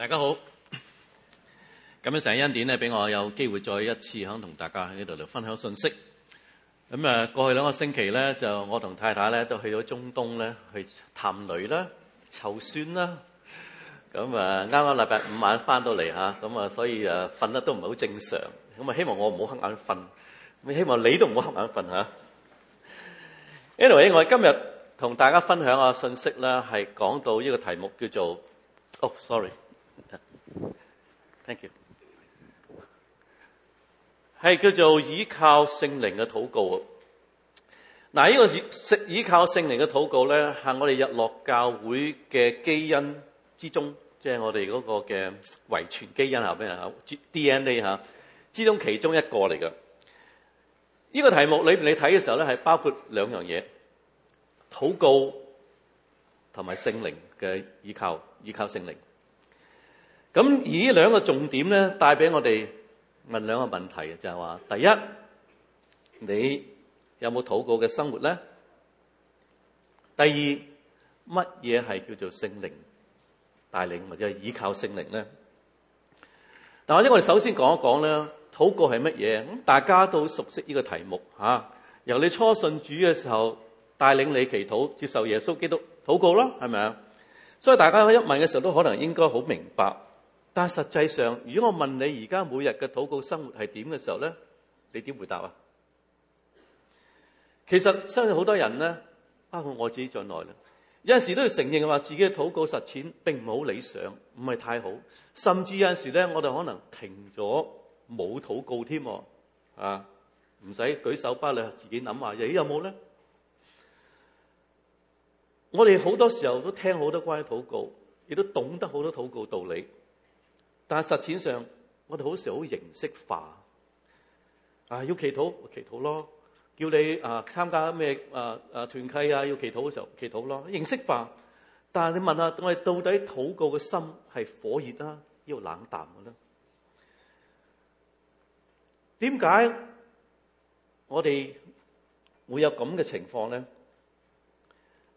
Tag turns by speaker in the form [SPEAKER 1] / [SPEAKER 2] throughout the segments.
[SPEAKER 1] 大家好，咁樣成日恩典咧，俾我有機會再一次響同大家喺呢度度分享信息。咁啊，過去兩個星期咧，就我同太太咧都去咗中東咧去探女啦、湊孫啦。咁啊，啱啱禮拜五晚翻到嚟吓，咁啊，所以誒瞓得都唔係好正常。咁啊，希望我唔好瞌眼瞓，咁希望你都唔好瞌眼瞓吓。Anyway，我今日同大家分享啊信息啦，係講到呢個題目叫做哦、oh,，sorry。Thank you，係叫做依靠聖靈嘅禱告啊！嗱、這個，呢個依靠聖靈嘅禱告咧，係我哋日落教會嘅基因之中，即、就、係、是、我哋嗰個嘅遺傳基因啊，咩啊吓，D N A 吓之中其中一個嚟嘅。呢、這個題目裏你睇嘅時候咧，係包括兩樣嘢：禱告同埋聖靈嘅依靠，依靠聖靈。咁以呢兩個重點咧，帶俾我哋問兩個問題嘅，就係、是、話：第一，你有冇禱告嘅生活咧？第二，乜嘢係叫做聖靈帶領或者依靠聖靈咧？但或者我哋首先講一講咧，禱告係乜嘢？咁大家都熟悉呢個題目、啊、由你初信主嘅時候帶領你祈禱、接受耶穌基督禱告啦，係咪啊？所以大家一問嘅時候都可能應該好明白。但實際上，如果我問你而家每日嘅禱告生活係點嘅時候咧，你點回答啊？其實相信好多人咧，包括我自己在內啦，有陣時都要承認話自己嘅禱告實踐並唔好理想，唔係太好，甚至有陣時咧，我哋可能停咗冇禱告添啊！唔使舉手巴啦，自己諗下，咦、哎、有冇咧？我哋好多時候都聽好多關於禱告，亦都懂得好多禱告道理。但係實踐上，我哋好少好形式化啊！要祈禱就祈禱咯，叫你啊參加咩啊啊團契啊，要祈禱嘅時候祈禱咯，形式化。但係你問下我哋到底禱告嘅心係火熱啊，依冷淡嘅咧？點解我哋會有咁嘅情況咧？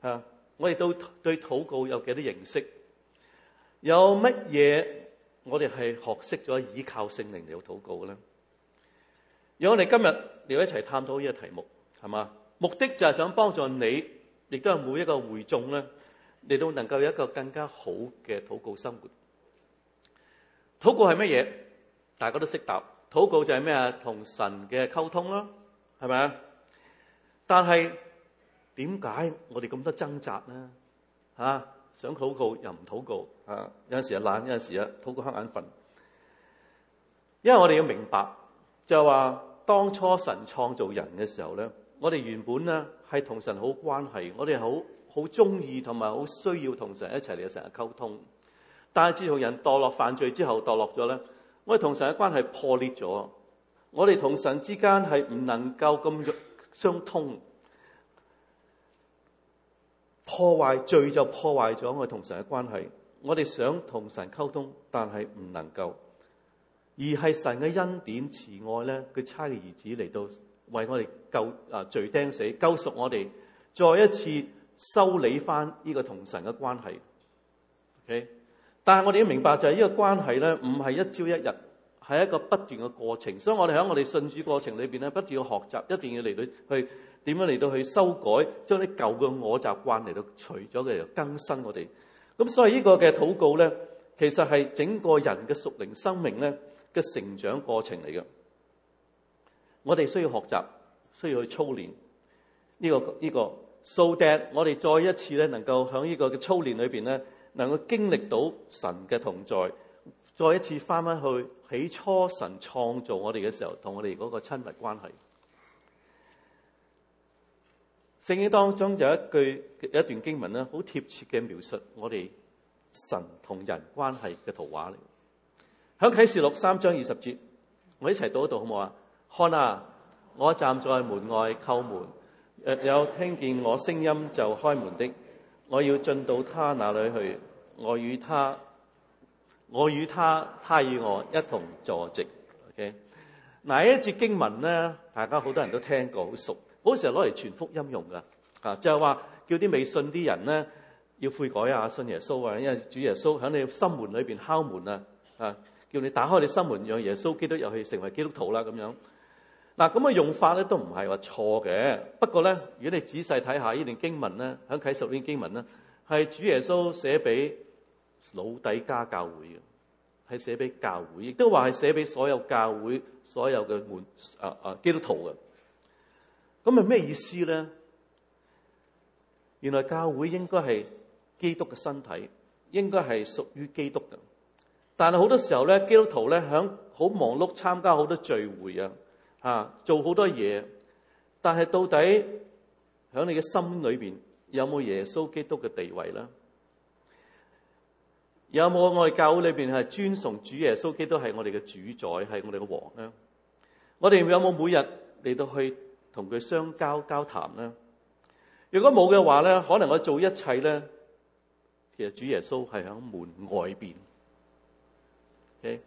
[SPEAKER 1] 啊！我哋對對禱告有幾多認識？有乜嘢？我哋係學識咗依靠聖靈嚟去禱告咧。如果我哋今日嚟一齊探討呢個題目，係嘛？目的就係想幫助你，亦都係每一個會眾咧，你都能夠有一個更加好嘅禱告生活。禱告係乜嘢？大家都識答。禱告就係咩啊？同神嘅溝通咯，係咪啊？但係點解我哋咁多掙扎咧？啊？想禱告又唔禱告，啊有陣時又懶，有陣時又禱告黑眼瞓。因為我哋要明白，就係話當初神創造人嘅時候咧，我哋原本咧係同神好關係，我哋好好中意同埋好需要同神一齊嚟成日溝通。但係自從人墮落犯罪之後墮落咗咧，我哋同神嘅關係破裂咗，我哋同神之間係唔能夠咁相通。破壞罪就破壞咗我哋同神嘅關係，我哋想同神溝通，但係唔能夠，而係神嘅恩典慈愛咧，佢差個兒子嚟到為我哋救啊罪釘死，救贖我哋，再一次修理翻呢個同神嘅關係。ok，但係我哋要明白就係呢個關係咧，唔係一朝一日，係一個不斷嘅過程，所以我哋喺我哋信主過程裏邊咧，不斷要學習，一定要嚟到去。點樣嚟到去修改，將啲舊嘅我習慣嚟到除咗嘅，嚟到更新我哋。咁所以呢個嘅禱告咧，其實係整個人嘅屬靈生命咧嘅成長過程嚟嘅。我哋需要學習，需要去操練呢個呢個。掃、這、地、個，so that, 我哋再一次咧能夠喺呢個嘅操練裏邊咧，能夠經歷到神嘅同在，再一次返返去起初神創造我哋嘅時候，同我哋嗰個親密關係。聖經當中就有一句一段經文咧，好貼切嘅描述我哋神同人關係嘅圖畫嚟。喺啟示錄三章二十節，我一齊到度好唔好啊？看啊，我站在門外叩門，有聽見我聲音就開門的，我要進到他那裡去，我與他，我與他，他與我一同坐席。O.K. 嗱，一節經文咧，大家好多人都聽過，好熟。好、那個、時候攞嚟傳福音用噶，啊就係話叫啲未信啲人咧，要悔改啊，信耶穌啊，因為主耶穌喺你心門裏面敲門啊，啊叫你打開你心門，讓耶穌基督入去成為基督徒啦咁樣。嗱咁嘅用法咧都唔係話錯嘅，不過咧如果你仔細睇下呢段經文咧，喺啟示呢段經文咧係主耶穌寫俾老底加教會嘅，係寫俾教會，亦都話係寫俾所有教會所有嘅門啊啊基督徒嘅。咁係咩意思咧？原來教會應該係基督嘅身體，應該係屬於基督嘅。但係好多時候咧，基督徒咧響好忙碌，參加好多聚會啊，吓做好多嘢。但係到底響你嘅心裏邊有冇耶穌基督嘅地位咧？有冇我哋教會裏邊係尊崇主耶穌基督係我哋嘅主宰，係我哋嘅王咧？我哋有冇每日嚟到去？同佢相交交談啦。如果冇嘅話咧，可能我做一切咧，其實主耶穌係喺門外邊，okay?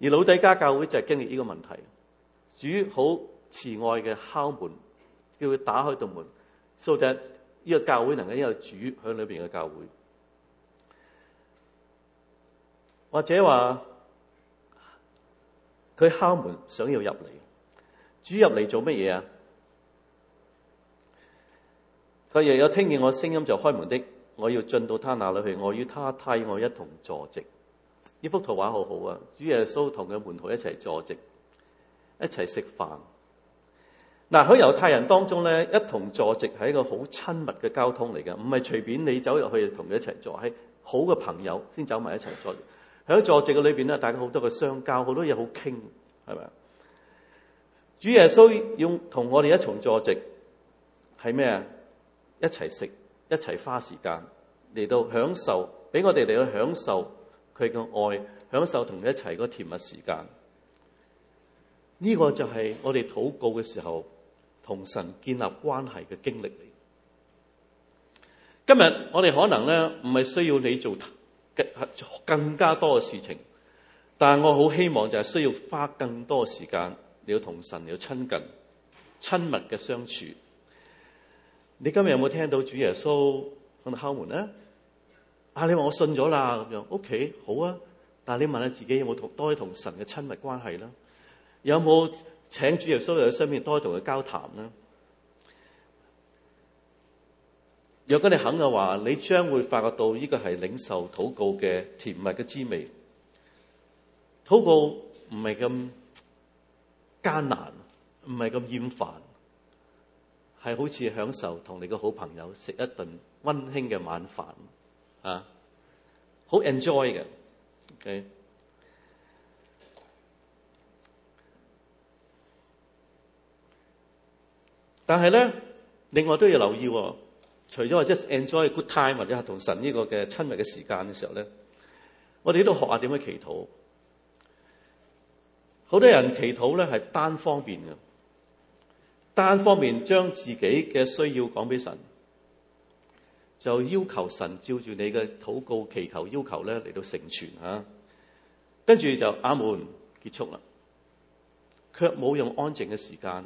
[SPEAKER 1] 而老底加教會就係經歷呢個問題。主好慈愛嘅敲門，叫佢打開道門，so that 呢個教會能夠有主喺裏邊嘅教會，或者話佢敲門想要入嚟，主入嚟做乜嘢啊？佢若有聽見我聲音就開門的，我要進到他那裏去。我要他替我一同坐席。呢幅圖畫好好啊！主耶穌同佢門徒一齊坐席，一齊食飯。嗱、啊，喺猶太人當中咧，一同坐席係一個好親密嘅交通嚟嘅，唔係隨便你走入去同佢一齊坐，係好嘅朋友先走埋一齊坐。喺坐席嘅裏邊咧，大家好多嘅相交，很多東西，好多嘢好傾，係咪主耶穌要同我哋一同坐席係咩啊？是什麼一齊食，一齊花時間嚟到享受，俾我哋嚟到享受佢嘅愛，享受同佢一齊嗰甜蜜時間。呢、這個就係我哋禱告嘅時候同神建立關係嘅經歷嚟。今日我哋可能咧唔係需要你做更加多嘅事情，但係我好希望就係需要花更多時間，你要同神你要親近、親密嘅相處。你今日有冇聽到主耶穌喺度敲門咧？啊，你話我信咗啦咁樣，OK，好啊。但係你問下自己有冇同多啲同神嘅親密關係啦？有冇請主耶穌喺身邊多啲同佢交談啦？若果你肯嘅話，你將會發覺到呢個係領受禱告嘅甜蜜嘅滋味。禱告唔係咁艱難，唔係咁厭煩。係好似享受同你個好朋友食一頓溫馨嘅晚飯啊，好 enjoy 嘅。Okay? 但係咧，另外都要留意，哦，除咗即係 enjoy good time 或者同神呢個嘅親密嘅時間嘅時候咧，我哋呢度學下點樣祈禱。好多人祈禱咧係單方面嘅。單方面將自己嘅需要講俾神，就要求神照住你嘅禱告、祈求、要求咧嚟到成全，啊、跟住就阿門結束啦。卻冇用安靜嘅時間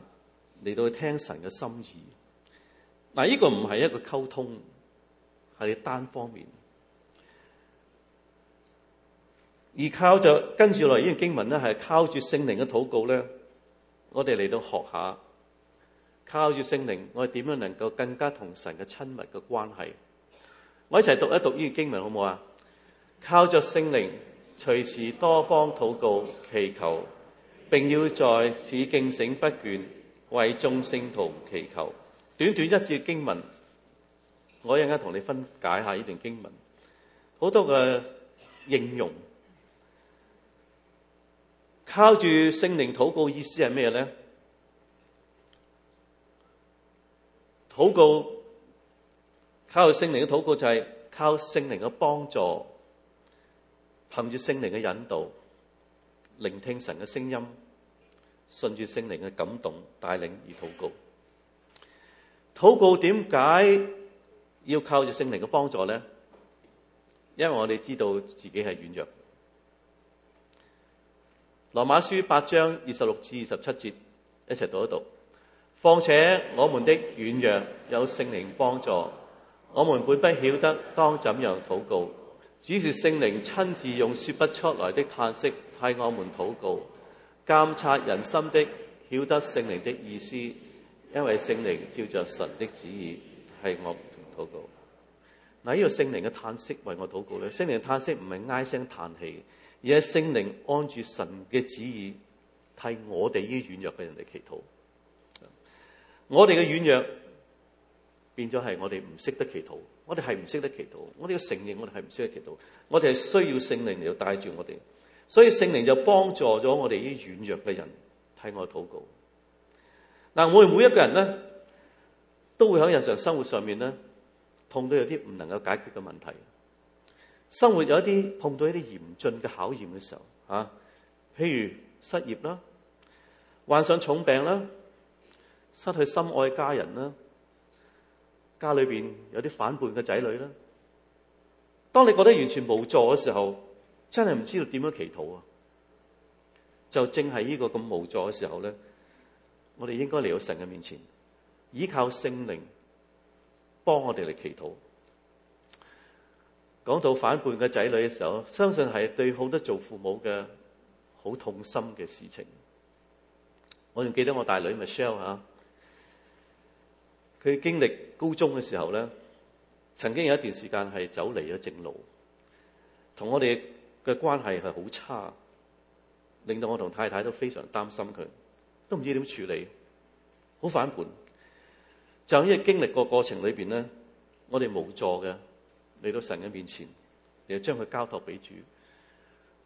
[SPEAKER 1] 嚟到去聽神嘅心意。嗱，啊、呢、呢個唔係一個溝通，係單方面而靠就跟住來呢段經文咧，係靠住聖靈嘅禱告咧，我哋嚟到學下。靠住聖靈，我哋點樣能夠更加同神嘅親密嘅關係？我一齊讀一讀呢段經文，好唔好啊？靠住聖靈，隨時多方禱告祈求，並要在此警醒不倦，為眾聖徒祈求。短短一節經文，我一陣間同你分解一下呢段經文，好多嘅應用。靠住聖靈禱告，意思係咩咧？禱告，靠聖靈嘅禱告就係靠聖靈嘅幫助，憑住聖靈嘅引導，聆聽神嘅聲音，順住聖靈嘅感動帶領而禱告。禱告，點解要靠住聖靈嘅幫助呢？因為我哋知道自己係軟弱。羅馬書八章二十六至二十七節，一齊讀一讀。況且我們的軟弱有聖靈幫助，我們本不曉得當怎樣禱告，只是聖靈親自用說不出來的嘆息替我們禱告，監察人心的曉得聖靈的意思，因為聖靈照着神的旨意替我們禱告。嗱，呢個聖靈嘅嘆息為我禱告咧，聖靈嘅嘆息唔係唉聲嘆氣，而係聖靈按住神嘅旨意替我哋呢軟弱嘅人嚟祈禱我哋嘅軟弱變咗係我哋唔識得祈禱，我哋係唔識得祈禱，我哋承認我哋係唔識得祈禱，我哋係需要聖靈嚟帶住我哋，所以聖靈就幫助咗我哋呢啲軟弱嘅人替我禱告。嗱，我哋每一個人咧都會喺日常生活上面咧碰到有啲唔能夠解決嘅問題，生活有一啲碰到一啲嚴峻嘅考驗嘅時候啊，譬如失業啦，患上重病啦。失去心愛嘅家人啦，家裏邊有啲反叛嘅仔女啦。當你覺得完全無助嘅時候，真係唔知道點樣祈禱啊！就正喺呢個咁無助嘅時候咧，我哋應該嚟到神嘅面前，依靠聖靈幫我哋嚟祈禱。講到反叛嘅仔女嘅時候，相信係對好多做父母嘅好痛心嘅事情。我仲記得我大女 Michelle 啊。佢經歷高中嘅時候咧，曾經有一段時間係走離咗正路，同我哋嘅關係係好差，令到我同太太都非常擔心佢，都唔知點處理，好反叛。就因為經歷過過程裏邊咧，我哋無助嘅嚟到神嘅面前，又將佢交託俾主，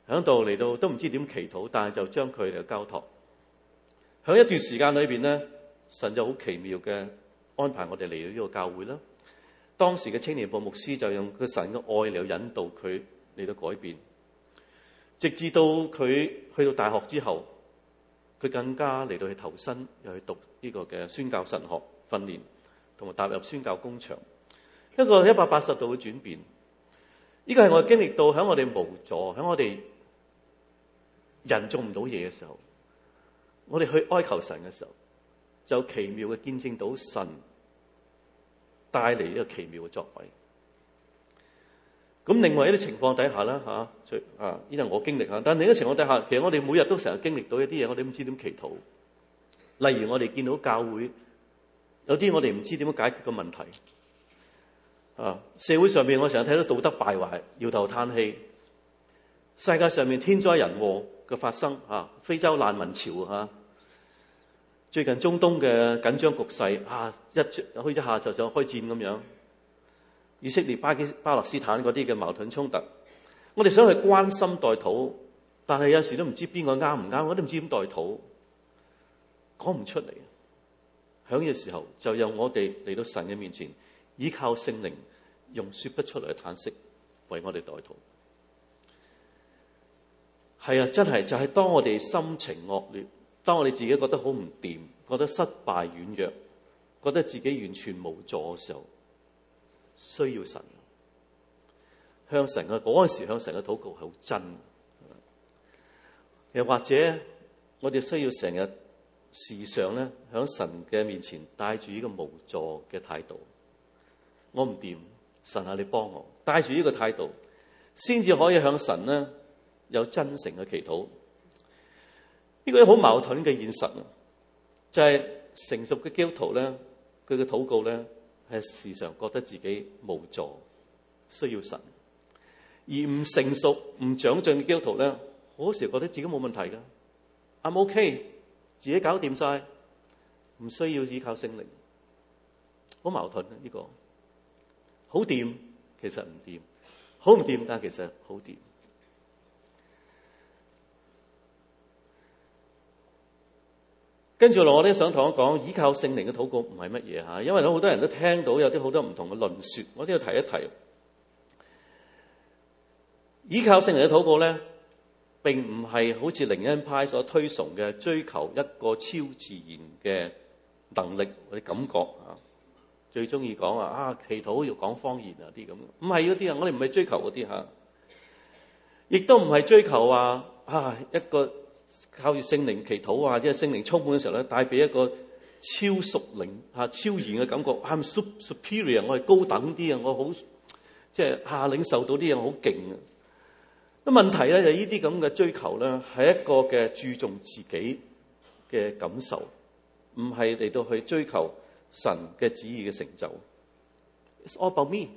[SPEAKER 1] 響度嚟到都唔知點祈禱，但係就將佢嚟交託。響一段時間裏邊咧，神就好奇妙嘅。安排我哋嚟到呢個教會啦。當時嘅青年部牧師就用佢神嘅愛嚟引導佢嚟到改變，直至到佢去到大學之後，佢更加嚟到去投身，又去讀呢個嘅宣教神學訓練，同埋踏入宣教工場。
[SPEAKER 2] 一個一百八
[SPEAKER 1] 十度嘅轉變，呢個係我經歷到響我哋無助、響我哋人做唔到嘢嘅時候，我哋去哀求神嘅時候。就奇妙嘅見證到神帶嚟呢個奇妙嘅作為。
[SPEAKER 2] 咁另外一啲情
[SPEAKER 1] 況底下啦，吓，啊，呢啲我經歷吓。但係另一情況底下，其實我哋每日都成日經歷到一啲嘢，我哋唔知點祈禱。例如我哋見到教會有啲我哋唔知點樣解決嘅問題。啊，社會上面我成日睇到道德敗壞，搖頭嘆氣。世界上面天災人禍嘅發生，啊，非洲難民潮，啊最近中東嘅緊張局勢啊，一開一,一下就想開戰咁樣，以色列巴基巴勒斯坦嗰啲嘅矛盾衝突，
[SPEAKER 2] 我哋想去關
[SPEAKER 1] 心代禱，但係有時都唔知邊個啱唔啱，我都唔知點代禱，講唔出嚟。響呢個時候就由我哋嚟到神嘅面前，依靠聖靈，用說不出嚟嘅嘆息為我哋代禱。係啊，真係就係、是、當我哋心情惡劣。當我哋自己覺得好唔掂，覺得失敗軟弱，覺得自己完全無助嘅時候，需要神，向神嘅嗰陣時向神嘅禱告係好真。又或者我哋需要成日時常咧響神嘅面前帶住呢個無助嘅態度，我唔掂，神啊你幫我，帶住呢個態度，先至可以向神咧有真誠嘅祈禱。呢、這個好矛盾嘅現實，就係、是、成熟嘅基督徒咧，佢嘅禱告咧係時常覺得自己無助，需要神；而唔成熟、唔長進嘅基督徒咧，好多時覺得自己冇問題噶，I'm OK，自己搞掂晒，唔需要依靠聖靈。好矛盾啊！呢、這個好掂，其實唔掂；好唔掂，但其實好掂。跟住落，我啲想同我講，依靠聖靈嘅禱告唔係乜嘢吓，因為咧好多人都聽到有啲好多唔同嘅論說，我都要提一提。依靠聖靈嘅禱告咧，並唔係好似靈恩派所推崇嘅追求一個超自然嘅能力或者感覺吓，最中意講話啊啊祈禱要講方言啊啲咁，唔係嗰啲啊，我哋唔係追求嗰啲吓，亦都唔係追求話啊一個。靠住聖靈祈禱啊，即係聖靈充滿嘅時候咧，帶俾一個超熟靈、超然嘅感覺。I'm superior，我係高等啲啊，我好即係、就是、下領受到啲嘢好勁啊！咁問題咧就呢啲咁嘅追求咧，係一個嘅注重自己嘅感受，唔係嚟到去追求神嘅旨意嘅成就。It's all about me。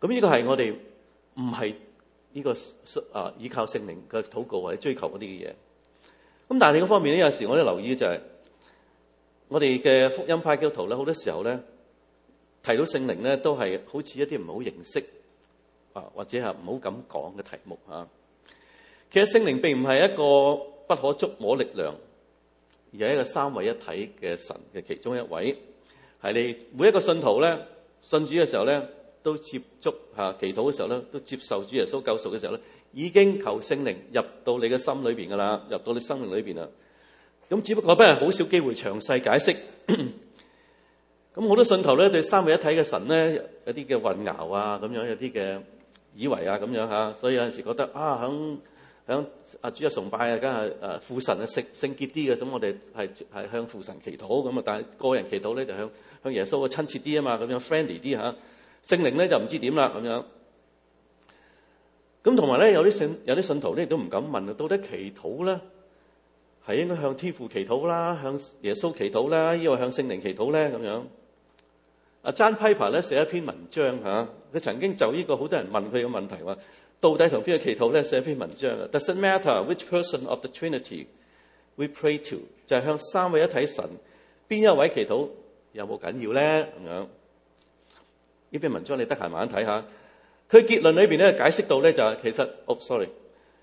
[SPEAKER 1] 咁呢個係我哋唔係。呢、這個啊依靠聖靈嘅禱告或者追求嗰啲嘅嘢，
[SPEAKER 2] 咁但係另一方
[SPEAKER 1] 面有時候我都留意就係、是、我哋嘅福音派基督徒咧，好多時候咧提到聖靈咧，都係好似一啲唔好認識啊或者係唔好噉講嘅題目，啊、其實聖靈並唔係一個不可捉摸力量，而係一個三位一體嘅神嘅其中一位，係你每一個信徒咧信主嘅時候咧。都接觸嚇、啊、祈禱嘅時候咧，都接受主耶穌救贖嘅時候咧，已經求聖靈入到你嘅心裏邊噶啦，入到你生命裏邊啊。咁只不過不係好少機會詳細解釋。咁好多信徒咧對三位一體嘅神咧有啲嘅混淆啊，咁樣有啲嘅以為啊，咁樣嚇。所以有陣時覺得啊，響響啊主日崇拜啊，梗係誒父神啊聖聖潔啲嘅。咁我哋係係向父神祈禱咁啊，但係個人祈禱咧就向向耶穌啊親切啲啊嘛，咁樣 friendly 啲嚇、啊。聖靈咧就唔知點啦咁樣，咁同埋咧有啲信有啲信徒咧亦都唔敢問啊，到底祈禱咧係應該向天父祈禱啦，向耶穌祈禱啦，抑或向聖靈祈禱咧咁樣。阿 John Piper 咧寫一篇文章嚇，佢曾經就呢、這個好多人問佢嘅問題話，到底同邊個祈禱咧寫一篇文章啊？Does it matter which person of the Trinity we pray to，就係向三位一體神邊一位祈禱有冇緊要咧咁樣。呢篇文章你得閒慢慢睇下，佢結論裏邊咧解釋到咧就係、是、其實、oh,，sorry，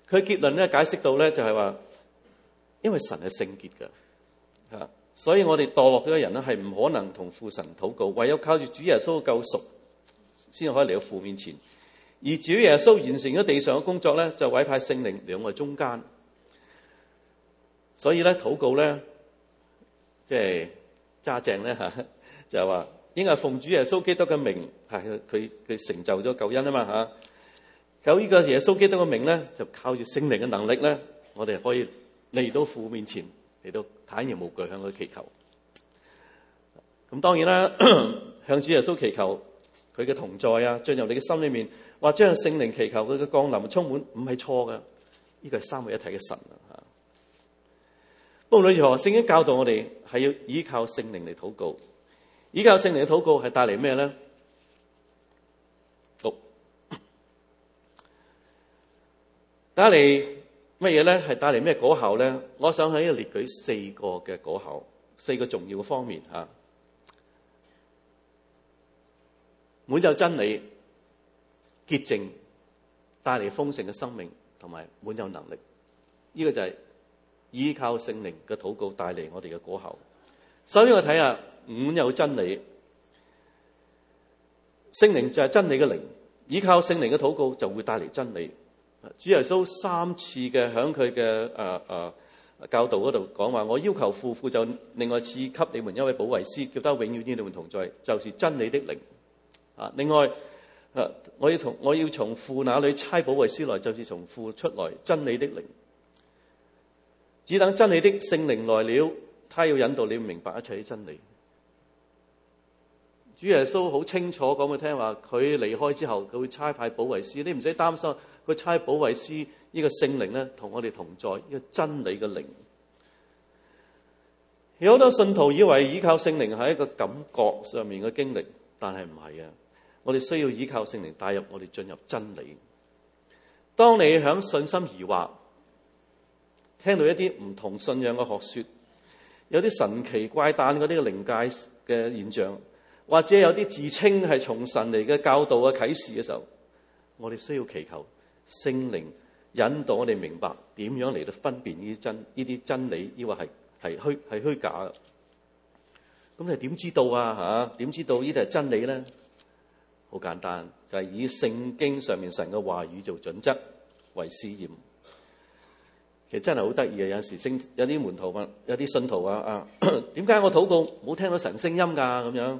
[SPEAKER 1] 佢結論咧解釋到咧就係、是、話，因為神係聖潔嘅，吓，所以我哋墮落嘅人咧係唔可能同父神禱告，唯有靠住主耶穌嘅救贖，先可以嚟到父面前。而主耶穌完成咗地上嘅工作咧，就委派聖靈兩位中間，所以咧禱告咧，即係揸正咧吓，就係、是、話。應該係奉主耶穌基督嘅名，係佢佢成就咗救恩啊嘛吓。有呢個耶穌基督嘅名咧，就靠住聖靈嘅能力咧，我哋可以嚟到父面前，嚟到坦然無懼，向佢祈求。咁當然啦，向主耶穌祈求佢嘅同在啊，進入你嘅心裏面，或者向聖靈祈求佢嘅降臨，充滿唔係錯㗎。呢、這個係三位一體嘅神啊吓。無論如何，聖經教導我哋係要依靠聖靈嚟禱告。依靠聖靈嘅禱告係帶嚟咩呢？好，帶嚟乜嘢呢？係帶嚟咩果效呢？我想喺度列舉四個嘅果效，四個重要嘅方面吓。滿有真理、潔淨，帶嚟豐盛嘅生命，同埋滿有能力。呢個就係依靠聖靈嘅禱告帶嚟我哋嘅果效。首先我睇下五有真理，聖靈就是真理嘅靈，依靠聖靈嘅禱告就會帶嚟真理。主耶穌三次嘅響佢嘅呃呃教導嗰度講話，我要求父父就另外賜給你們一位保惠師，叫他永遠與你們同在，就是真理的靈。啊，另外我要從我要從父那裏差保惠師來，就是從父出來真理的靈，只等真理的聖靈來了。他要引導你明白一切的真理。主耶穌好清楚講俾聽話，佢離開之後，佢會差派保惠師，你唔使擔心。佢差保惠師呢個聖靈咧，同我哋同在，呢、這個真理嘅靈。有好多信徒以為依靠聖靈係一個感覺上面嘅經歷，但係唔係啊！我哋需要依靠聖靈帶入我哋進入真理。當你響信心疑惑，聽到一啲唔同信仰嘅學說。有啲神奇怪誕嗰啲嘅靈界嘅現象，或者有啲自稱係從神嚟嘅教導嘅啟示嘅時候，我哋需要祈求聖靈引導我哋明白點樣嚟到分辨呢啲真呢啲真理，抑或係係虛係虛假嘅。咁你點知道啊吓？點知道呢啲係真理咧？好簡單，就係以聖經上面神嘅話語做準則為試驗。其實真係好得意啊，有陣時有啲門徒問，有啲信徒啊啊，點解我禱告冇聽到神聲音噶咁樣？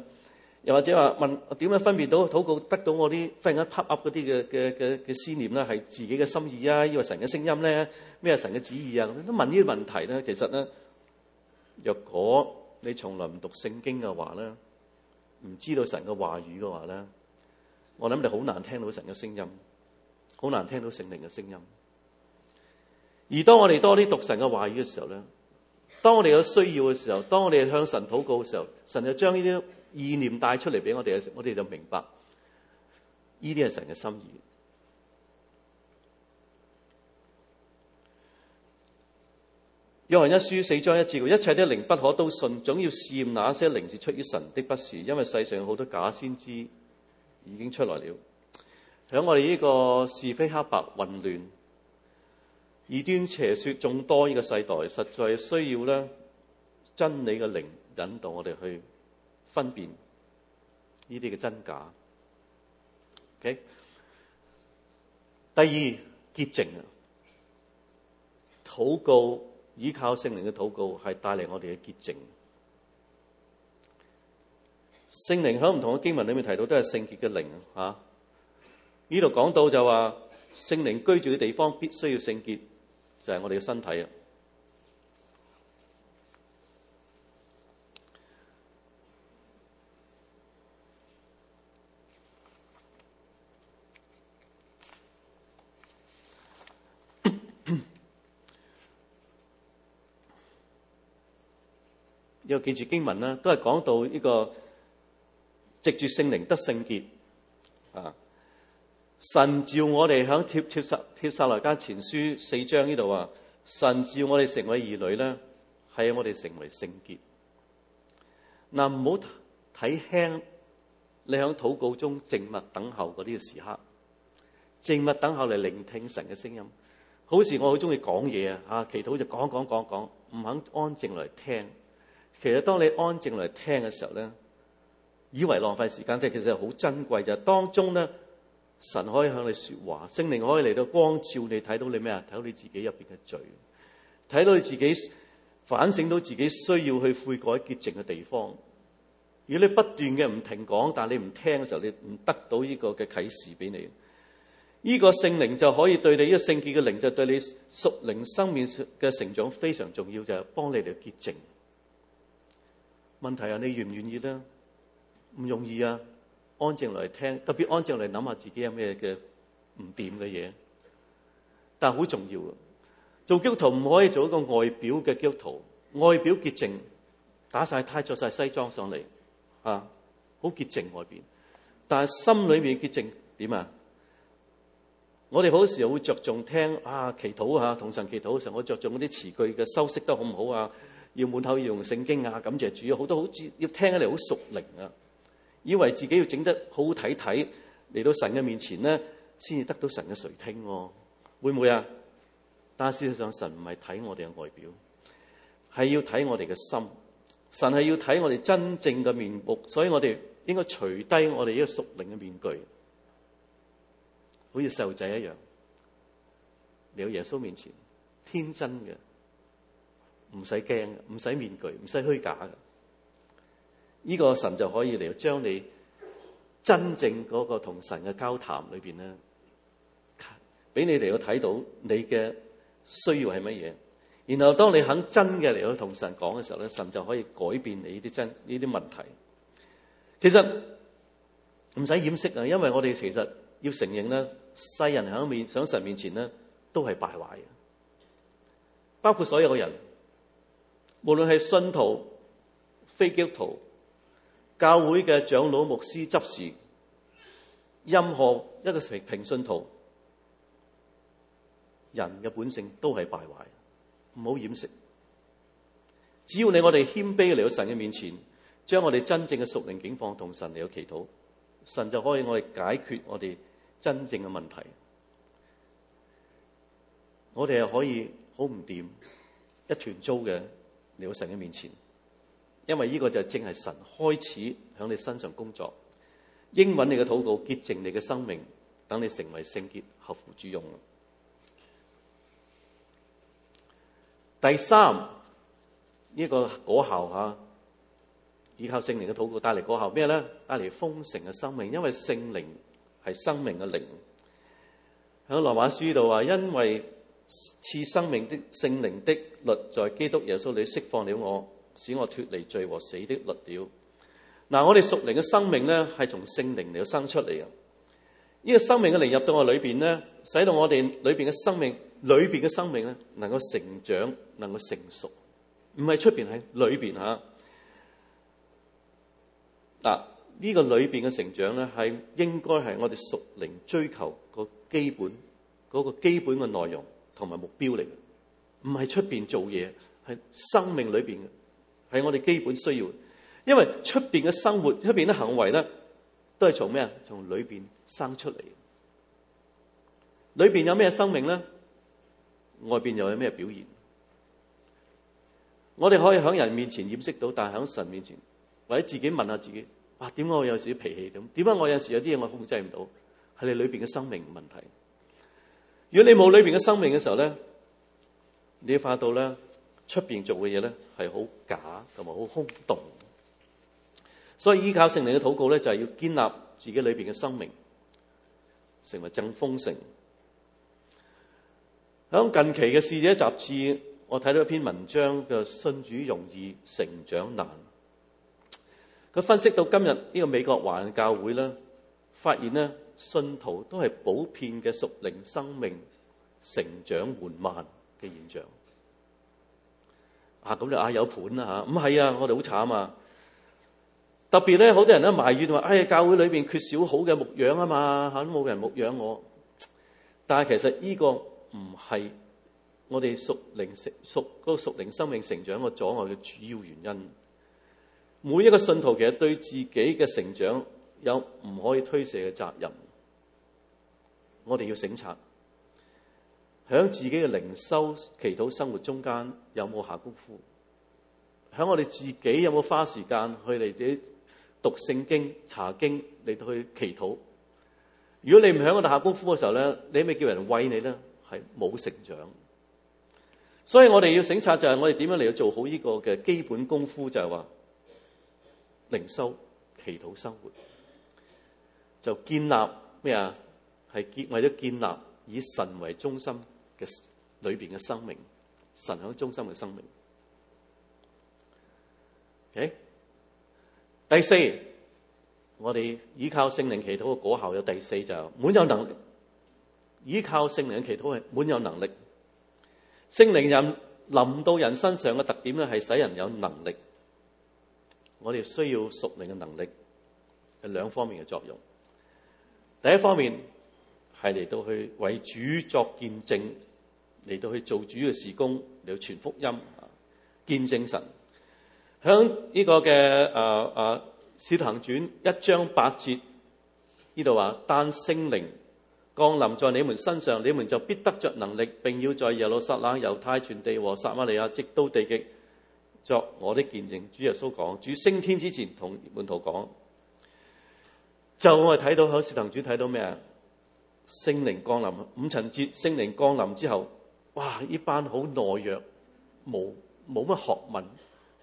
[SPEAKER 1] 又或者話問點樣分別到禱告得到我啲忽然間 pop up 嗰啲嘅嘅嘅嘅思念咧，係自己嘅心意啊，以為神嘅聲音咧咩係神嘅旨意啊？都問呢啲問題咧，其實咧，若果你從來唔讀聖經嘅話咧，唔知道神嘅話語嘅話咧，我諗你好難聽到神嘅聲音，好難聽到聖靈嘅聲音。而當我哋多啲讀神嘅話語嘅時候咧，當我哋有需要嘅時候，當我哋向神禱告嘅時候，神就將呢啲意念帶出嚟俾我哋嘅時候，我哋就明白，呢啲係神嘅心意、嗯。約翰一書四章一節，一切的靈不可都信，總要試驗那些靈是出於神的，不是，因為世上好多假先知已經出來了。喺我哋呢個是非黑白混亂。異端邪說眾多呢、這個世代，實在需要呢真理嘅靈引導我哋去分辨呢啲嘅真假。OK，第二潔淨禱告依靠聖靈嘅禱告係帶嚟我哋嘅潔淨。聖靈喺唔同嘅經文裏面提到都係聖潔嘅靈啊，吓呢度講到就話、是、聖靈居住嘅地方必須要聖潔。就係、是、我哋嘅身體啊！又 記住經文都係講到呢個藉着聖靈得聖潔啊！神召我哋喺貼帖十帖撒羅迦前書四章呢度啊，神召我哋成為兒女咧，係我哋成為聖潔。嗱、啊，唔好睇輕你喺禱告中靜默等候嗰啲嘅時刻，靜默等候嚟聆聽神嘅聲音。好似我好中意講嘢啊，吓祈禱就講講講講，唔肯安靜嚟聽。其實當你安靜嚟聽嘅時候咧，以為浪費時間，即係其實好珍貴就當中咧。神可以向你說話，聖靈可以嚟到光照你，睇到你咩啊？睇到你自己入邊嘅罪，睇到你自己反省到自己需要去悔改潔淨嘅地方。如果你不斷嘅唔停講，但係你唔聽嘅時候，你唔得到呢個嘅啟示俾你，呢、這個聖靈就可以對你，呢個聖潔嘅靈就對你屬靈生命嘅成長非常重要，就係、是、幫你嚟潔淨。問題係你願唔願意啦？唔容易啊！安靜嚟聽，特別安靜嚟諗下自己有咩嘅唔掂嘅嘢，但係好重要嘅。做基督徒唔可以做一個外表嘅基督徒，外表潔淨，打晒呔，着晒西裝上嚟，啊，好潔淨外邊，但係心裏面潔淨點啊？我哋好多時候會着重聽啊祈禱啊同神祈禱嘅時候，我着重嗰啲詞句嘅修飾得好唔好啊？要滿口要用聖經啊，感謝主要好多好要聽起嚟好熟靈啊。以為自己要整得好好睇睇，嚟到神嘅面前咧，先至得到神嘅垂聽，哦，會唔會啊？但係事實上，神唔係睇我哋嘅外表，係要睇我哋嘅心。神係要睇我哋真正嘅面目，所以我哋應該除低我哋呢個屬靈嘅面具，好似細路仔一樣嚟到耶穌面前，天真嘅，唔使驚嘅，唔使面具，唔使虛假嘅。呢個神就可以嚟將你真正嗰個同神嘅交談裏面咧，俾你嚟去睇到你嘅需要係乜嘢。然後當你肯真嘅嚟去同神講嘅時候咧，神就可以改變你呢啲真呢啲問題。其實唔使掩飾啊，因為我哋其實要承認咧，世人喺面想神面前咧都係敗壞嘅，包括所有嘅人，無論係信徒、非基督徒。教會嘅長老、牧師執事，任何一個平信徒，人嘅本性都係敗壞，唔好掩飾。只要你我哋謙卑嚟到神嘅面前，將我哋真正嘅屬靈境況同神嚟到祈禱，神就可以我哋解決我哋真正嘅問題。我哋係可以好唔掂，一團糟嘅嚟到神嘅面前。因為呢個就正係神開始喺你身上工作，應允你嘅禱告，潔淨你嘅生命，等你成為聖潔合乎主用。第三呢、呢個果效吓，依靠聖靈嘅禱告帶嚟果效咩咧？帶嚟豐盛嘅生命，因為聖靈係生命嘅靈。喺羅馬書度話，因為賜生命的聖靈的律在基督耶穌裏釋放了我。使我脫離罪和死的律了。嗱，我哋屬靈嘅生命咧，係從聖靈嚟到生出嚟嘅。呢、呢個生命嘅靈入到我裏邊咧，使到我哋裏邊嘅生命、裏邊嘅生命咧，能夠成長、能夠成熟。唔係出邊，喺裏邊吓。嗱，呢、呢個裏邊嘅成長咧，係應該係我哋屬靈追求個基本、嗰個基本、嗰個基本嘅內容同埋目標嚟。唔係出邊做嘢，係生命裏邊嘅。係我哋基本需要的，因為出邊嘅生活，出邊嘅行為咧，都係從咩啊？從裏邊生出嚟。裏邊有咩生命咧？外邊又有咩表現？我哋可以喺人面前掩飾到，但係喺神面前或者自己問下自己：啊，點解我有時啲脾氣咁？點解我有時有啲嘢我控制唔到？係你裏邊嘅生命問題。如果你冇裏邊嘅生命嘅時候咧，你化到咧。出邊做嘅嘢咧，係好假同埋好空洞，所以依靠聖靈嘅禱告咧，就係要建立自己裏邊嘅生命，成為正風城。響近期嘅《視野》雜誌，我睇到一篇文章叫“信主容易成長難”，佢分析到今日呢個美國華人教會咧，發現咧，信徒都係普遍嘅屬靈生命成長緩慢嘅現象。啊咁就有啊有盤啦吓，咁係啊我哋好慘啊！特別咧，好多人咧埋怨話，哎，教會裏邊缺少好嘅牧養啊嘛，吓，都冇人牧養我。但係其實呢個唔係我哋屬靈屬、嗰個屬靈生命成長嘅阻礙嘅主要原因。每一個信徒其實對自己嘅成長有唔可以推卸嘅責任，我哋要省察。喺自己嘅靈修祈禱生活中間有冇下功夫？喺我哋自己有冇花時間去嚟自己讀聖經、查經嚟到去祈禱？如果你唔喺我哋下功夫嘅時候咧，你咪叫人喂你咧，係冇成長。所以我哋要省察，就係我哋點樣嚟要做好呢個嘅基本功夫就是說，就係話靈修祈禱生活就建立咩啊？係建為咗建立以神為中心。嘅裏邊嘅生命，神喺中心嘅生命。誒、okay？第四，我哋依靠聖靈祈禱嘅果效有第四就係滿有能力，依靠聖靈嘅祈禱係滿有能力。聖靈人臨到人身上嘅特點咧，係使人有能力。我哋需要屬靈嘅能力有兩方面嘅作用。第一方面係嚟到去為主作見證。嚟到去做主嘅事工，嚟到傳福音、見證神。響呢個嘅誒誒《使徒行傳》一章八節呢度話，但聖靈降臨在你們身上，你們就必得着能力，並要在耶路撒冷、猶太、全地和撒瑪利亞，直到地極作我的見證。主耶穌講，主升天之前同門徒講，就我哋睇到響《使徒行傳》睇到咩啊？聖靈降臨，五旬節聖靈降臨之後。哇！呢班好懦弱，冇冇乜學問，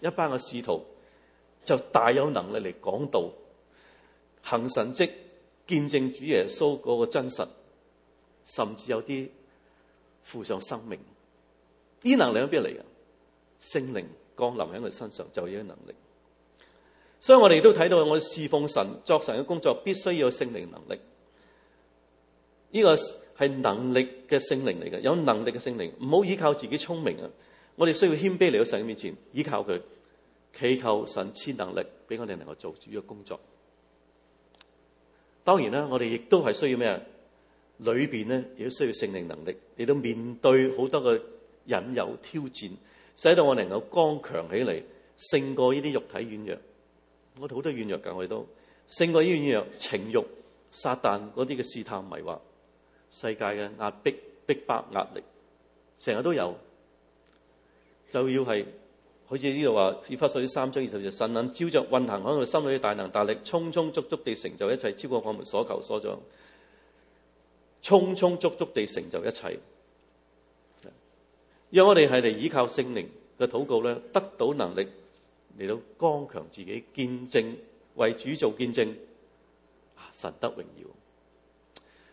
[SPEAKER 1] 一班嘅使徒就大有能力嚟講道，行神蹟，見證主耶穌嗰個真實，甚至有啲付上生命。呢啲能力喺邊嚟嘅？聖靈降臨喺佢身上就有呢能力。所以我哋都睇到，我侍奉神、作神嘅工作，必須要有聖靈能力。呢、這個。係能力嘅聖靈嚟嘅，有能力嘅聖靈，唔好依靠自己聰明啊！我哋需要謙卑嚟到神面前，依靠佢，祈求神賜能力俾我哋能夠做主要嘅工作。當然啦，我哋亦都係需要咩啊？裏邊咧亦都需要聖靈能力，嚟到面對好多嘅引誘挑戰，使到我哋能夠剛強起嚟，勝過呢啲肉體軟弱。我哋好多軟弱噶，我哋都勝過呢啲軟弱，情欲、撒但嗰啲嘅試探迷惑。世界嘅壓迫、逼迫、壓力，成日都有，就要係好似呢度話，以弗所書三章二十節神能，照著運行響，佢心裏嘅大能大力，充充足足地成就一切，超過我們所求所想，充充足足地成就一切。讓我哋係嚟依靠聖靈嘅禱告咧，得到能力嚟到剛強自己，見證為主做見證，神得榮耀。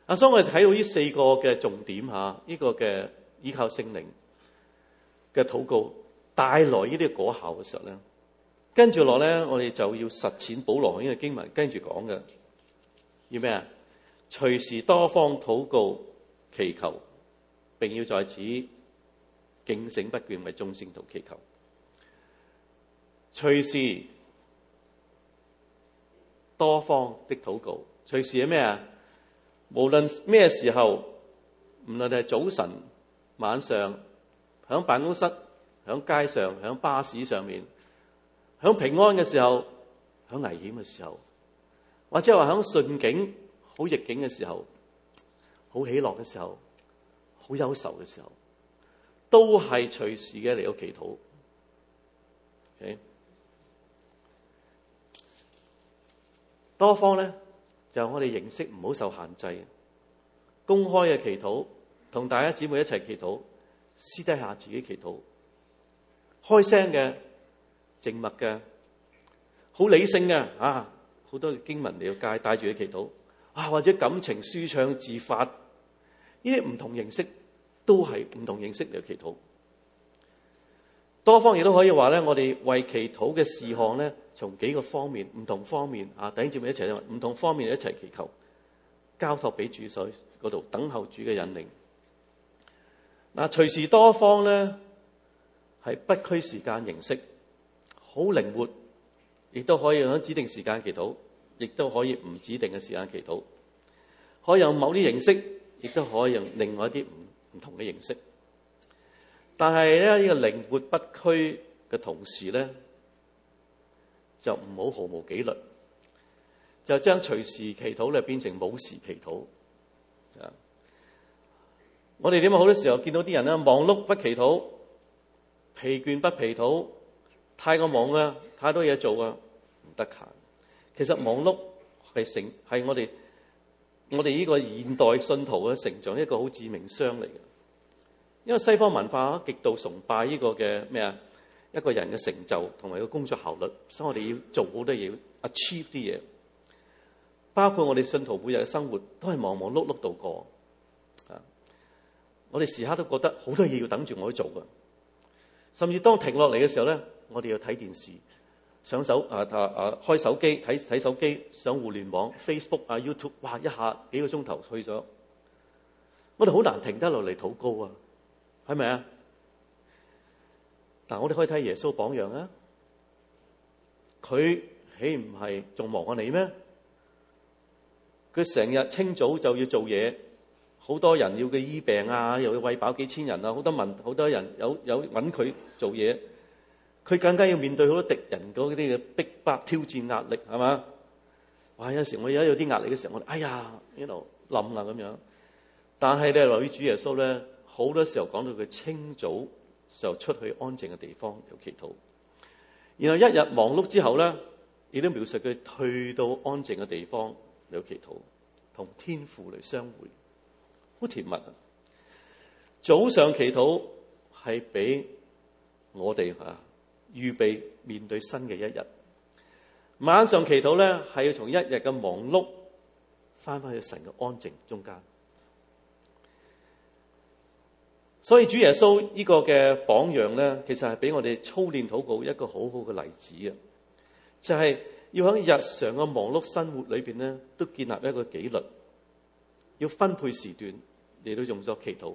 [SPEAKER 1] 啊！所以我哋睇到呢四個嘅重點吓，呢、這個嘅依靠聖靈嘅禱告帶來呢啲果效嘅時候跟着呢跟住落咧，我哋就要實踐保羅呢個經文，跟住講嘅要咩啊？隨時多方禱告祈求，並要在此警醒不倦為眾聖徒祈求。隨時多方的禱告，隨時係咩啊？無論咩時候，無論係早晨、晚上，喺辦公室、喺街上、喺巴士上面，喺平安嘅時候，喺危險嘅時候，或者話喺順境、好逆境嘅時候，好喜樂嘅時候，好憂愁嘅時候，都係隨時嘅嚟到祈禱。Okay? 多方咧。就是，我哋形式唔好受限制，公開嘅祈禱同大家姊妹一齊祈禱，私底下自己祈禱，開聲嘅、靜默嘅、好理性嘅啊，好多經文你要介帶住去祈禱啊，或者感情舒暢自發，呢啲唔同形式都係唔同形式嚟嘅祈禱，多方亦都可以話咧，我哋為祈禱嘅事項咧。從幾個方面、唔同方面啊，等住咪一齊，唔同方面一齊祈求，交託俾主喺嗰度等候主嘅引領。嗱，隨時多方咧，係不拘時間形式，好靈活，亦都可以用指定時間祈禱，亦都可以唔指定嘅時間祈禱，可以用某啲形式，亦都可以用另外一啲唔唔同嘅形式。但係咧，呢、這個靈活不拘嘅同時咧。就唔好毫無紀律，就將隨時祈禱咧變成冇時祈禱。啊！我哋點解好多時候見到啲人咧忙碌不祈禱，疲倦不祈禱，太過忙啊，太多嘢做啊，唔得閒。其實忙碌係成係我哋我哋呢個現代信徒嘅成長一個好致命傷嚟嘅，因為西方文化極度崇拜呢個嘅咩啊？一個人嘅成就同埋個工作效率，所以我哋要做好多嘢，achieve 啲嘢。包括我哋信徒每日嘅生活，都係忙忙碌碌度過。啊！我哋時刻都覺得好多嘢要等住我去做㗎。甚至當停落嚟嘅時候咧，我哋要睇電視、上手啊啊開手機睇睇手機、上互聯網、Facebook 啊 YouTube，哇，一下幾個鐘頭去咗。我哋好難停得落嚟禱告啊，係咪啊？但我哋可以睇耶穌榜樣啊！佢豈唔係仲忙過你咩？佢成日清早就要做嘢，好多人要佢醫病啊，又要餵飽幾千人啊，好多問，好多人有有揾佢做嘢。佢更加要面對好多敵人嗰啲嘅逼迫、挑戰、壓力，係嘛？哇！有時候我而家有啲壓力嘅時候，我哎呀呢度冧啦咁樣。但係咧，落於主耶穌咧，好多時候講到佢清早。就出去安靜嘅地方有祈禱，然後一日忙碌之後咧，亦都描述佢退到安靜嘅地方有祈禱，同天父嚟相會，好甜蜜啊！早上祈禱係俾我哋啊預備面對新嘅一日，晚上祈禱咧係要從一日嘅忙碌翻翻去神嘅安靜中間。所以主耶穌呢個嘅榜樣咧，其實係俾我哋操練禱告一個好好嘅例子啊！就係要喺日常嘅忙碌生活裏邊咧，都建立一個紀律，要分配時段你都用作祈禱。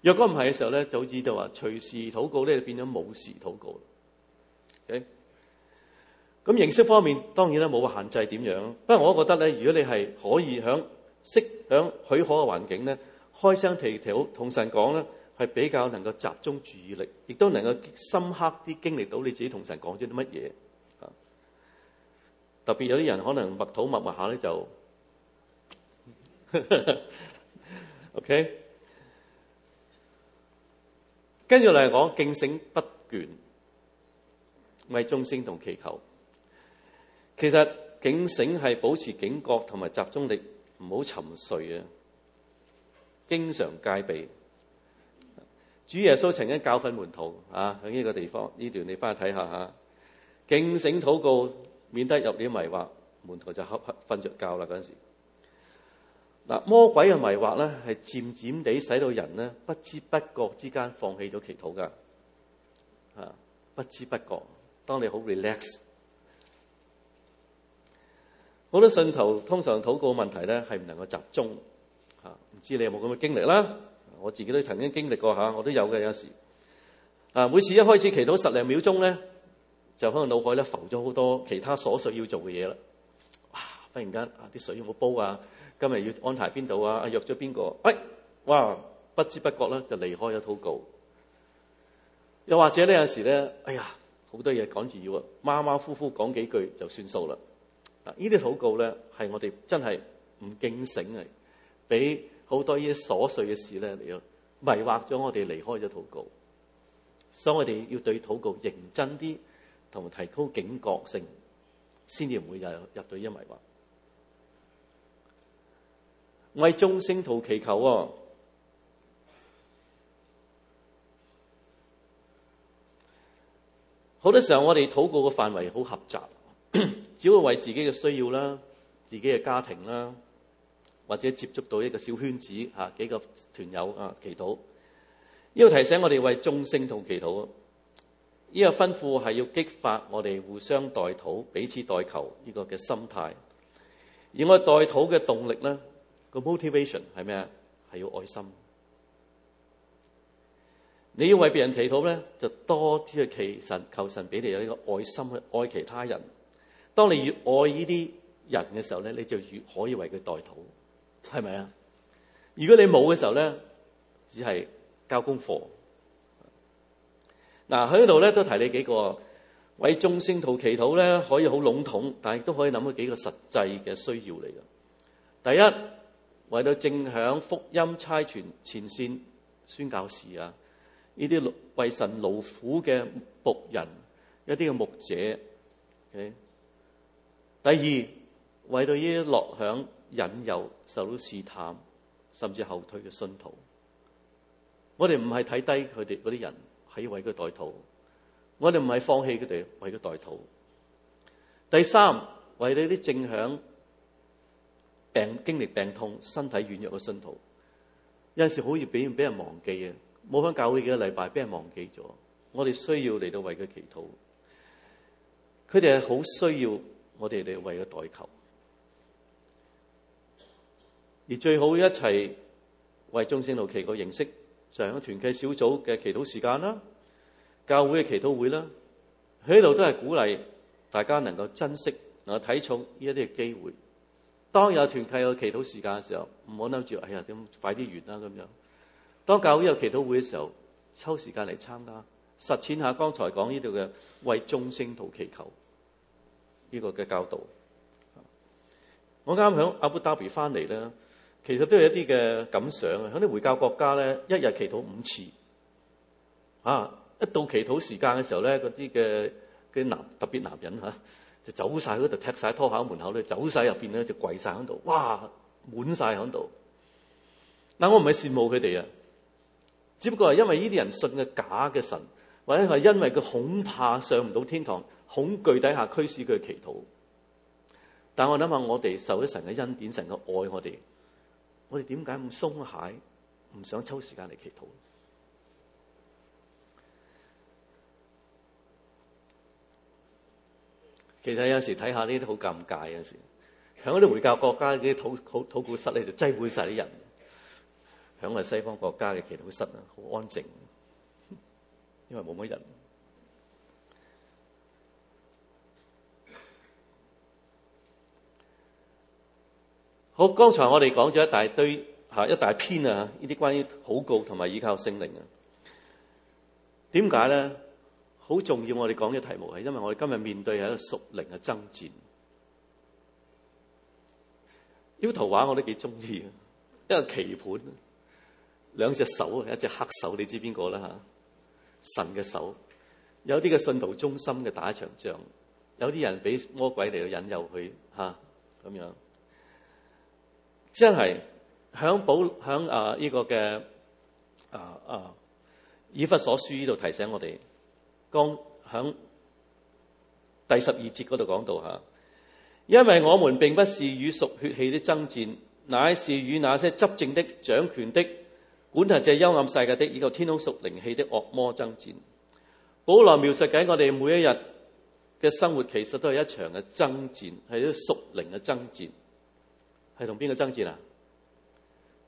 [SPEAKER 1] 若果唔係嘅時候咧，就好似就話隨時禱告咧，就變咗冇時禱告。咁、okay? 形式方面，當然咧冇個限制點樣。不過我覺得咧，如果你係可以喺適、喺許可嘅環境咧。開聲提提好，同神講呢，係比較能夠集中注意力，亦都能夠深刻啲經歷到你自己同神講咗啲乜嘢。特別有啲人可能默土默默下咧就 ，OK。跟住嚟講，警醒不倦，為眾聖徒祈求。其實警醒係保持警覺同埋集中力，唔好沉睡啊！經常戒備，主耶穌曾經教訓門徒啊，喺呢個地方呢段你翻去睇下吓，警醒禱告，免得入了迷惑，門徒就瞌瞌瞓着覺啦嗰陣時。嗱，魔鬼嘅迷惑咧，係漸漸地使到人咧不知不覺之間放棄咗祈禱噶，吓不知不覺，當你好 relax，好多信徒通常禱告的問題咧係唔能夠集中。吓，唔知你有冇咁嘅經歷啦？我自己都曾經經歷過下，我都有嘅。有時啊，每次一開始祈禱十零秒鐘咧，就可能腦海咧浮咗好多其他所需要做嘅嘢啦。哇！忽然間啊，啲水有冇煲啊？今日要安排邊度啊？約咗邊個？喂、哎！哇！不知不覺咧就離開咗禱告。又或者呢，有時咧，哎呀，好多嘢趕住要啊，馬馬虎虎講幾句就算數啦。嗱，呢啲禱告咧，係我哋真係唔警醒嚟。俾好多啲瑣碎嘅事咧，嚟迷惑咗我哋離開咗禱告，所以我哋要對禱告認真啲，同埋提高警覺性，先至唔會入到呢啲迷惑。為眾聖徒祈求，啊，好多時候我哋禱告嘅範圍好狹窄，只會為自己嘅需要啦，自己嘅家庭啦。或者接觸到一個小圈子嚇、啊、幾個團友啊，祈禱呢、呢個提醒我哋為眾聖同祈禱。呢、呢個吩咐係要激發我哋互相代禱，彼此代求呢個嘅心態。而我代禱嘅動力咧，個 motivation 係咩啊？係要愛心。你要為別人祈禱咧，就多啲去祈神求神俾你有呢個愛心去愛其他人。當你越愛呢啲人嘅時候咧，你就越可以為佢代禱。係咪啊？如果你冇嘅時候咧，只係交功課。嗱、啊，喺度咧都提你幾個為眾聖徒祈禱咧，可以好籠統，但係亦都可以諗到幾個實際嘅需要嚟噶。第一，為到正響福音差傳前線宣教士啊，呢啲為神勞苦嘅僕人，一啲嘅牧者。Okay? 第二，為到呢啲樂響。引誘、受到試探，甚至後退嘅信徒，我哋唔係睇低佢哋嗰啲人，係為佢代禱；我哋唔係放棄佢哋，為佢代禱。第三，為你啲正響病、經歷病痛、身體軟弱嘅信徒，有陣時好易俾俾人忘記嘅，冇翻教會幾個禮拜俾人忘記咗，我哋需要嚟到為佢祈禱。佢哋係好需要我哋嚟為佢代求。而最好一齊為眾聖徒祈禱形式，上個團契小組嘅祈禱時間啦，教會嘅祈禱會啦，喺度都係鼓勵大家能夠珍惜、能夠睇重呢一啲嘅機會。當有團契有祈禱時間嘅時候，唔好諗住哎呀，咁快啲完啦、啊、咁樣。當教會有祈禱會嘅時候，抽時間嚟參加，實踐下剛才講呢度嘅為眾聖徒祈求呢、呢個嘅教導。我啱啱響阿布達比翻嚟啦。其實都有一啲嘅感想啊！喺啲回教國家咧，一日祈禱五次，嚇、啊、一到祈禱時間嘅時候咧，嗰啲嘅嘅男特別男人嚇、啊、就走晒喺度，踢晒拖鞋喺門口咧，走晒入邊咧就跪晒喺度，哇滿晒喺度。但我唔係羨慕佢哋啊，只不過係因為呢啲人信嘅假嘅神，或者係因為佢恐怕上唔到天堂，恐懼底下驅使佢嘅祈禱。但我諗下，我哋受咗神嘅恩典，神嘅愛我哋。我哋點解咁鬆懈？唔想抽時間嚟祈禱。其實有時睇下呢啲好尷尬。有時喺嗰啲回教國家啲禱禱禱告室咧，就擠滿晒啲人；響我哋西方國家嘅祈禱室啊，好安靜，因為冇乜人。好，剛才我哋講咗一大堆吓，一大篇啊！呢啲關於禱告同埋依靠聖靈啊，點解咧？好重要！我哋講嘅題目係，因為我哋今日面對係一個屬靈嘅爭戰。呢幅圖畫我都幾中意啊，一個棋盤，兩隻手，一隻黑手，你知邊個啦吓？神嘅手，有啲嘅信徒忠心嘅打一場仗，有啲人俾魔鬼嚟到引誘佢吓咁樣。真係響保響，啊呢個嘅啊啊以弗所書呢度提醒我哋，講響第十二節度講到吓，因為我們並不是與屬血氣的爭戰，乃是與那些執政的、掌權的、管轄這幽暗世界的以及天空屬靈氣的惡魔爭戰。保羅描述緊我哋每一日嘅生活，其實都係一場嘅爭戰，係一啲屬靈嘅爭戰。係同邊個爭戰啊？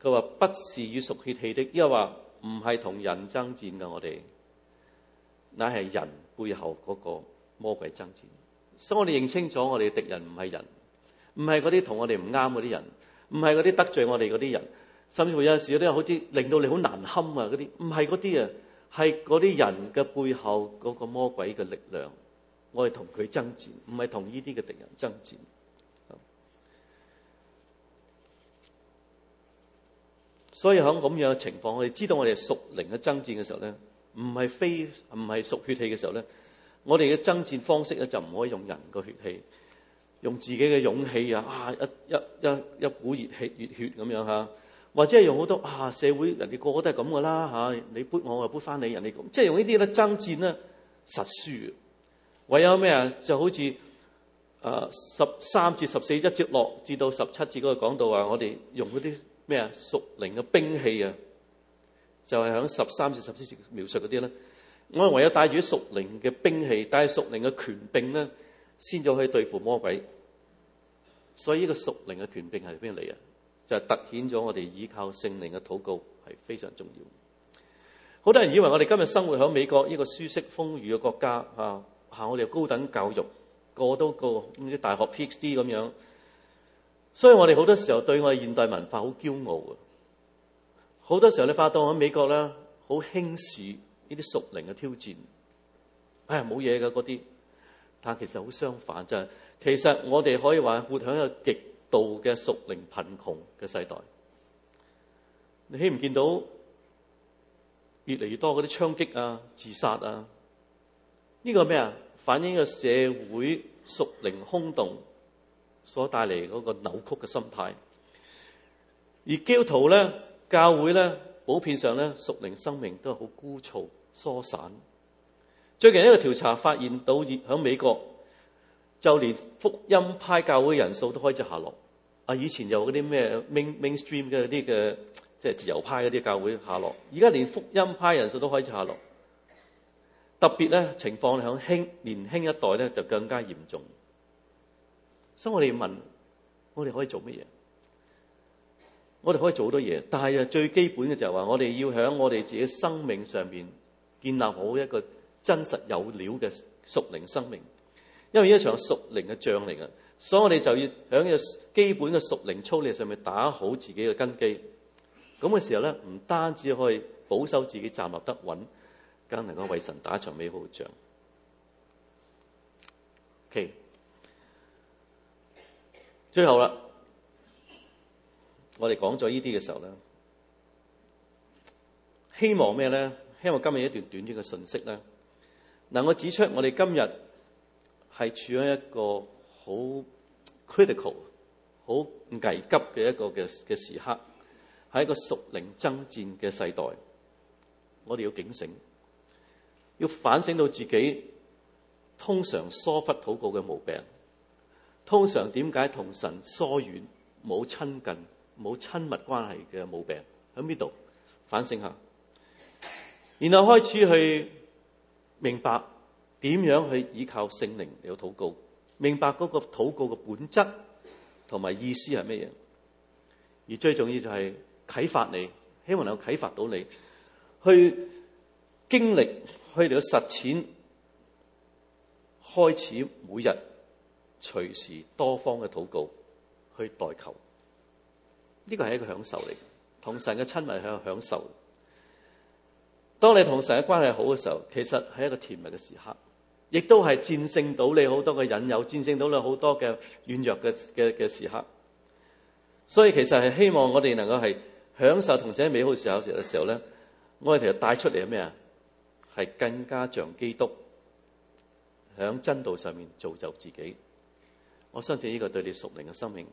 [SPEAKER 1] 佢話不是與屬血氣的，因為唔係同人爭戰噶，我哋乃係人背後嗰個魔鬼爭戰。所以我哋認清楚，我哋嘅敵人唔係人，唔係嗰啲同我哋唔啱嗰啲人，唔係嗰啲得罪我哋嗰啲人，甚至乎有陣時有啲好似令到你好難堪啊嗰啲，唔係嗰啲啊，係嗰啲人嘅背後嗰個魔鬼嘅力量，我哋同佢爭戰，唔係同呢啲嘅敵人爭戰。所以喺咁樣嘅情況，我哋知道我哋屬靈嘅爭戰嘅時候咧，唔係非唔係屬血氣嘅時候咧，我哋嘅爭戰方式咧就唔可以用人嘅血氣，用自己嘅勇氣啊啊一一一一股熱氣熱血咁樣呀，或者係用好多啊社會人哋個個都係咁噶啦嚇你撥我，我又撥翻你，人哋即係用呢啲咧爭戰咧實輸。唯有咩啊？就好似誒十三至十四一直落，至到十七節嗰度講到話，我哋用嗰啲。咩啊？屬靈嘅兵器啊，就係、是、喺十三至十四節描述嗰啲咧。我唯有帶住啲屬靈嘅兵器，帶屬靈嘅權柄咧，先至可以對付魔鬼。所以呢個屬靈嘅權柄係邊嚟啊？就係、是、凸顯咗我哋依靠聖靈嘅禱告係非常重要。好多人以為我哋今日生活喺美國呢個舒適豐裕嘅國家、啊、下吓我哋有高等教育，個都個啲大學 PhD 咁樣。所以我哋好多時候對我們現代文化好驕傲啊！好多時候你發我喺美國咧，好輕視呢啲屬靈嘅挑戰，哎，唉冇嘢嘅嗰啲。但其實好相反就係，其實我哋可以話活喺一個極度嘅屬靈貧窮嘅世代。你睇唔見到越嚟越多嗰啲槍擊啊、自殺啊？呢、這個咩啊？反映個社會屬靈空洞。所帶嚟嗰個扭曲嘅心態，而基督徒咧，教會咧，普遍上咧，屬靈生命都係好枯燥、疏散。最近一個調查發現到，喺美國就連福音派教會人數都開始下落。啊，以前有嗰啲咩 main mainstream 嘅啲嘅，即係、就是、自由派嗰啲教會下落，而家連福音派人數都開始下落。特別咧，情況喺輕年輕一代咧，就更加嚴重。所以我哋問，我哋可以做乜嘢？我哋可以做好多嘢，但係啊，最基本嘅就係話，我哋要喺我哋自己生命上邊建立好一個真實有料嘅屬靈生命，因為一場是屬靈嘅仗嚟噶，所以我哋就要喺呢個基本嘅屬靈操練上面打好自己嘅根基。咁嘅時候咧，唔單止可以保守自己站立得穩，更能夠為神打一場美好嘅仗。OK。最後啦，我哋講咗呢啲嘅時候呢，希望咩呢？希望今日一段短啲嘅信息呢，能夠指出我哋今日係處喺一個好 critical、好危急嘅一個嘅時時刻，係一個屬靈爭戰嘅世代，我哋要警醒，要反省到自己通常疏忽禱告嘅毛病。通常點解同神疏遠、冇親近、冇親密關係嘅毛病喺邊度？反省下，然後開始去明白點樣去依靠聖靈嚟到禱告，明白嗰個禱告嘅本質同埋意思係乜嘢？而最重要就係啟發你，希望能夠啟發到你去經歷去到實踐，開始每日，隨時多方嘅禱告去代求，呢、這個係一個享受嚟，同神嘅親密係一個享受。當你同神嘅關係好嘅時候，其實係一個甜蜜嘅時刻，亦都係戰勝到你好多嘅引誘，戰勝到你好多嘅軟弱嘅嘅嘅時刻。所以其實係希望我哋能夠係享受同神嘅美好嘅時候嘅時候咧，我哋其實帶出嚟係咩啊？係更加像基督響真道上面造就自己。我相信呢個對你屬靈嘅生命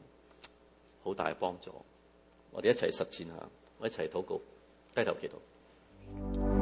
[SPEAKER 1] 好大嘅幫助。我們，我哋一齊實踐下，我一齊禱告，低頭祈禱。